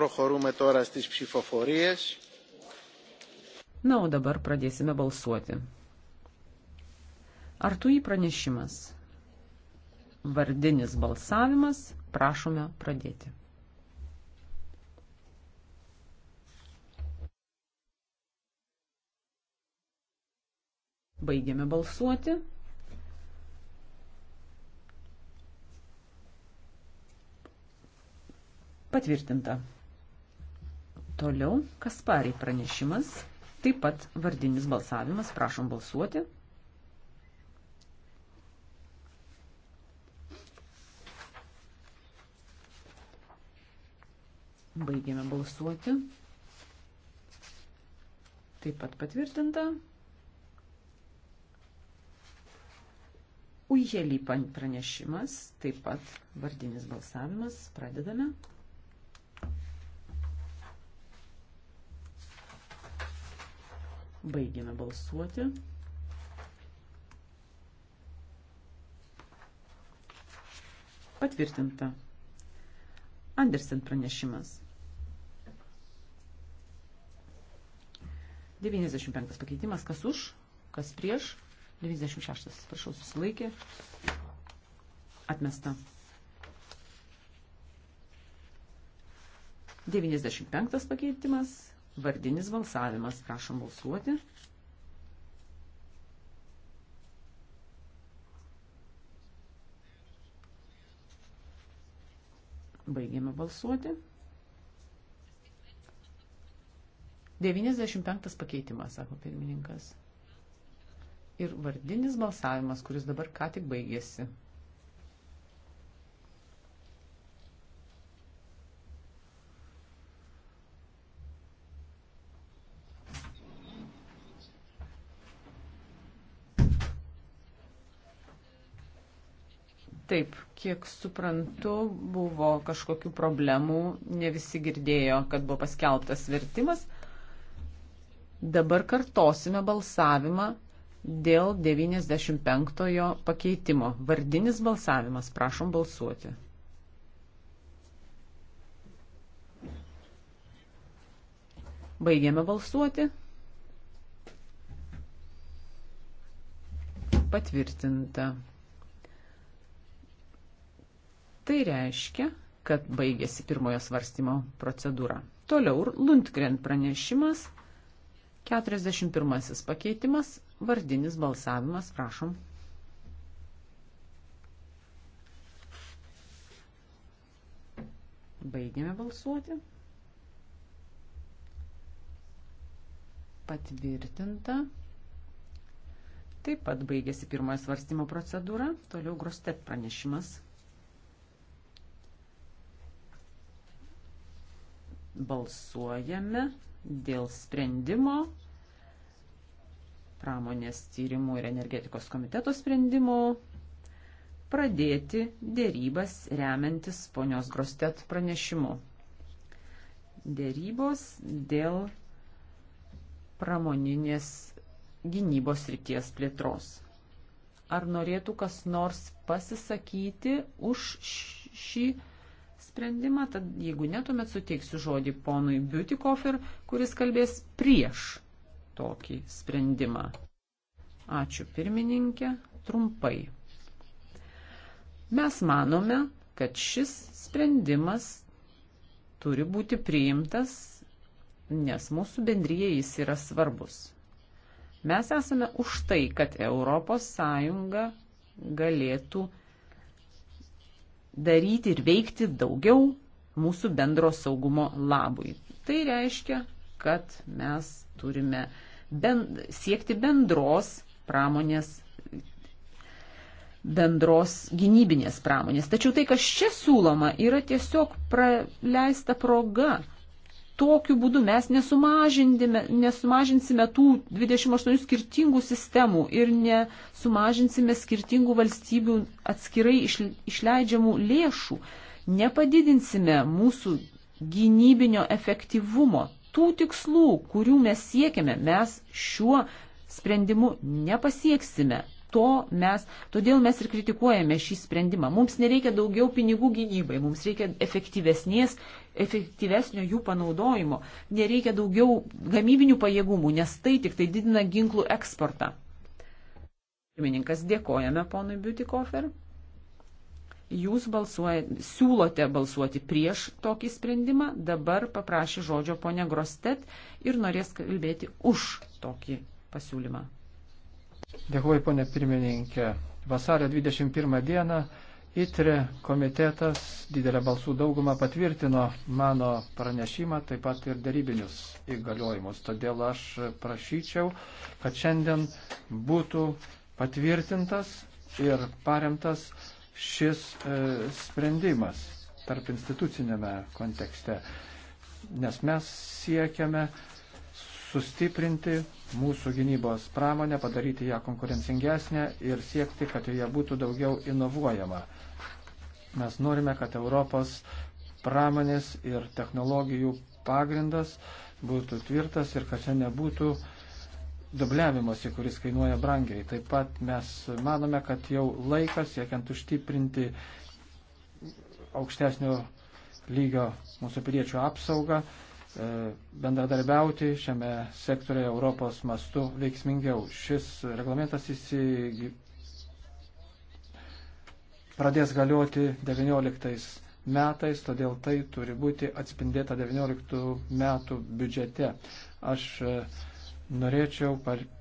Προχωρούμε τώρα στις ψηφοφορίες. Na, o dabar pradėsime balsuoti. Ar tu į pranešimas? Vardinis balsavimas, prašome pradėti. Baigiame balsuoti. Patvirtinta. Toliau Kaspari pranešimas, taip pat vardinis balsavimas, prašom balsuoti. Baigėme balsuoti. Taip pat patvirtinta. Ujhelį pranešimas, taip pat vardinis balsavimas. Pradedame. Baigėme balsuoti. Patvirtinta. Andersen pranešimas. 95 pakeitimas. Kas už, kas prieš. 96. Prašau, susilaikė. Atmesta. 95 pakeitimas. Vardinis balsavimas. Prašom balsuoti. Baigėme balsuoti. 95 pakeitimas, sako pirmininkas. Ir vardinis balsavimas, kuris dabar ką tik baigėsi. Taip, kiek suprantu, buvo kažkokių problemų, ne visi girdėjo, kad buvo paskelbtas vertimas. Dabar kartosime balsavimą dėl 95-ojo pakeitimo. Vardinis balsavimas, prašom balsuoti. Baigiame balsuoti. Patvirtinta. Tai reiškia, kad baigėsi pirmojo svarstymo procedūra. Toliau Lundgren pranešimas, 41 pakeitimas, vardinis balsavimas, prašom. Baigėme balsuoti. Patvirtinta. Taip pat baigėsi pirmojo svarstymo procedūra. Toliau Grostet pranešimas. Balsuojame dėl sprendimo, pramonės tyrimų ir energetikos komiteto sprendimo, pradėti dėrybas remiantis ponios Grostet pranešimu. Dėrybos dėl pramoninės gynybos ryties plėtros. Ar norėtų kas nors pasisakyti už šį? Ši sprendimą, tad jeigu ne, tuomet suteiksiu žodį ponui Biutikofer, kuris kalbės prieš tokį sprendimą. Ačiū pirmininkė, trumpai. Mes manome, kad šis sprendimas turi būti priimtas, nes mūsų bendryje jis yra svarbus. Mes esame už tai, kad ES galėtų daryti ir veikti daugiau mūsų bendro saugumo labui. Tai reiškia, kad mes turime bend, siekti bendros pramonės bendros gynybinės pramonės. Tačiau tai, kas čia siūloma, yra tiesiog praleista proga tokiu būdu mes nesumažinsime tų 28 skirtingų sistemų ir nesumažinsime skirtingų valstybių atskirai išleidžiamų lėšų, nepadidinsime mūsų gynybinio efektyvumo. Tų tikslų, kurių mes siekiame, mes šiuo sprendimu nepasieksime to mes, todėl mes ir kritikuojame šį sprendimą. Mums nereikia daugiau pinigų gynybai, mums reikia efektyvesnės, efektyvesnio jų panaudojimo, nereikia daugiau gamybinių pajėgumų, nes tai tik tai didina ginklų eksportą. Pirmininkas, dėkojame ponui Biutikofer. Jūs balsuojate, siūlote balsuoti prieš tokį sprendimą, dabar paprašė žodžio ponia Grostet ir norės kalbėti už tokį pasiūlymą. Dėkuoju, ponė pirmininkė. Vasario 21 dieną ITRE komitetas didelę balsų daugumą patvirtino mano pranešimą, taip pat ir darybinius įgaliojimus. Todėl aš prašyčiau, kad šiandien būtų patvirtintas ir paremtas šis e, sprendimas tarp institucinėme kontekste. Nes mes siekiame sustiprinti mūsų gynybos pramonę, padaryti ją konkurencingesnę ir siekti, kad joje būtų daugiau inovuojama. Mes norime, kad Europos pramonės ir technologijų pagrindas būtų tvirtas ir kad čia nebūtų dubliavimosi, kuris kainuoja brangiai. Taip pat mes manome, kad jau laikas siekiant užtiprinti aukštesnio lygio mūsų piliečių apsaugą E, bendradarbiauti šiame sektorėje Europos mastu veiksmingiau. Šis reglamentas įsigy... pradės galioti 19 metais, todėl tai turi būti atspindėta 19 metų biudžete. Aš e, norėčiau,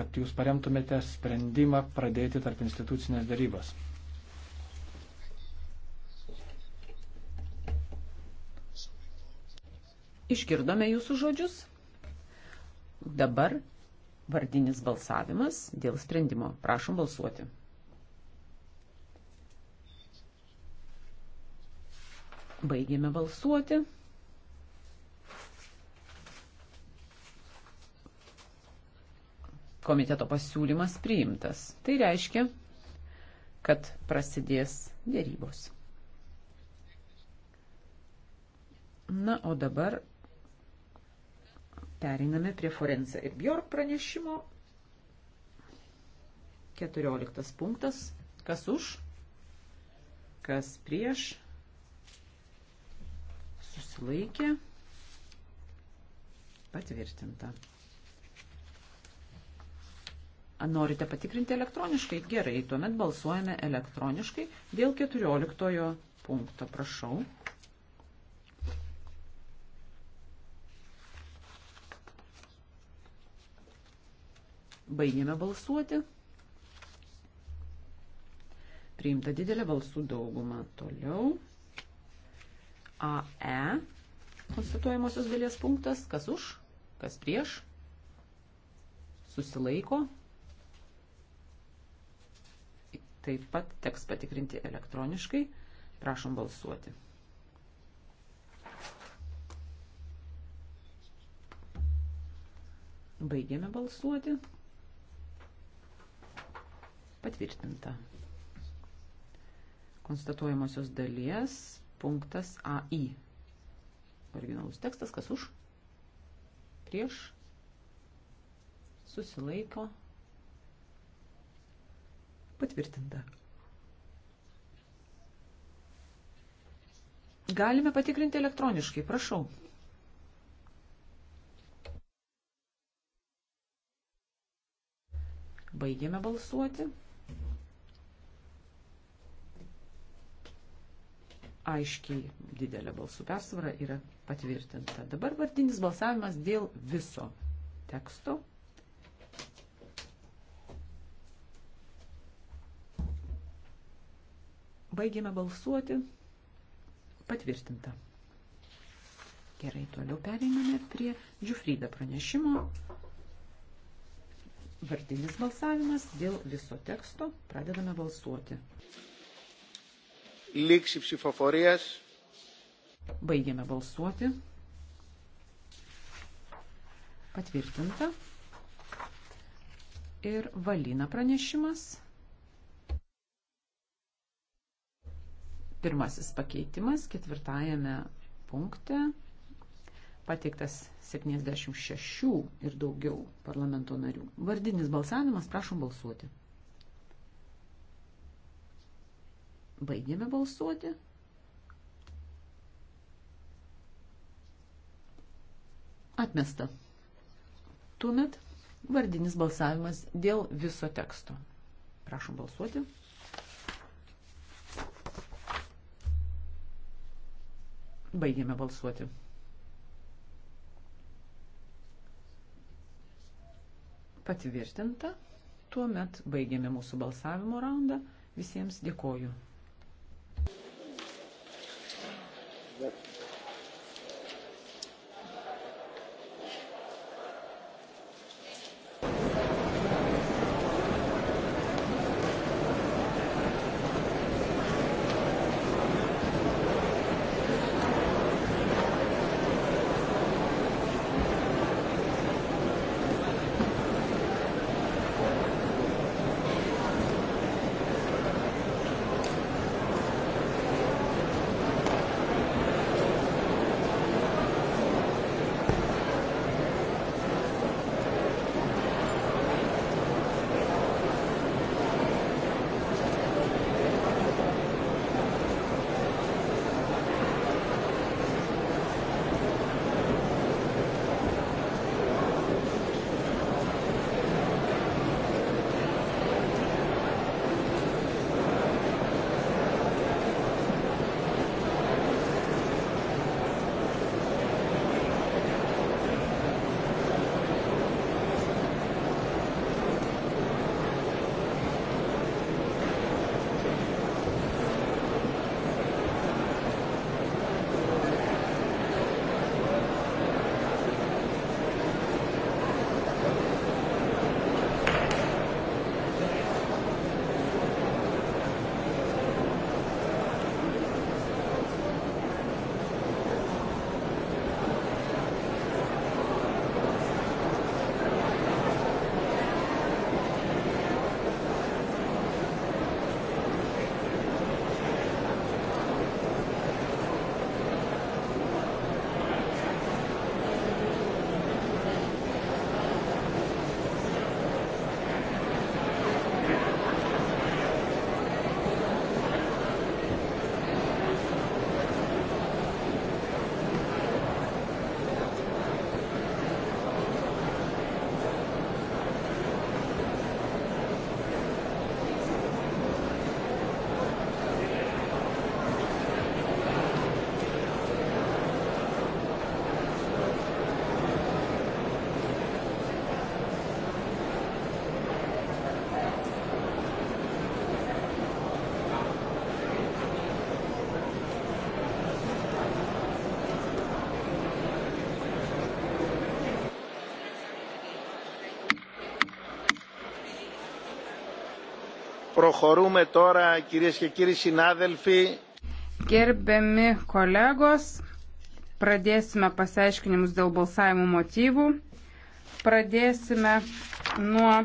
kad jūs paremtumėte sprendimą pradėti tarp institucinės darybas. Išgirdome jūsų žodžius. Dabar vardinis balsavimas dėl sprendimo. Prašom balsuoti. Baigėme balsuoti. Komiteto pasiūlymas priimtas. Tai reiškia, kad prasidės dėrybos. Na, o dabar Pereiname prie Forense ir Bjork pranešimo. 14 punktas. Kas už? Kas prieš? Susilaikė. Patvirtinta. Norite patikrinti elektroniškai? Gerai, tuomet balsuojame elektroniškai dėl 14 punkto. Prašau. Baigėme balsuoti. Priimta didelė balsų dauguma. Toliau. AE konstatuojamosios dalies punktas. Kas už, kas prieš. Susilaiko. Taip pat teks patikrinti elektroniškai. Prašom balsuoti. Baigėme balsuoti. Patvirtinta. Konstatuojamosios dalies punktas AI. Originalus tekstas, kas už? Prieš. Susilaiko. Patvirtinta. Galime patikrinti elektroniškai, prašau. Baigėme balsuoti. aiškiai didelė balsų persvara yra patvirtinta. Dabar vardinis balsavimas dėl viso teksto. Baigėme balsuoti. Patvirtinta. Gerai, toliau pereiname prie Džiufrida pranešimo. Vardinis balsavimas dėl viso teksto. Pradedame balsuoti. Λήξη ψηφοφορίας. Baigėme balsuoti. Patvirtinta. Ir valina pranešimas. Pirmasis pakeitimas ketvirtajame punkte pateiktas 76 ir daugiau parlamento narių. Vardinis balsavimas, prašom balsuoti. Baigėme balsuoti. Atmesta. Tuomet vardinis balsavimas dėl viso teksto. Prašom balsuoti. Baigėme balsuoti. Patvirtinta. Tuomet baigėme mūsų balsavimo raundą. Visiems dėkoju. Gracias. Προχωρούμε τώρα, κυρίες και κύριοι συνάδελφοι. Gerbiami kolegos, pradėsime pasiaiškinimus dėl balsavimo motyvų. Pradėsime nuo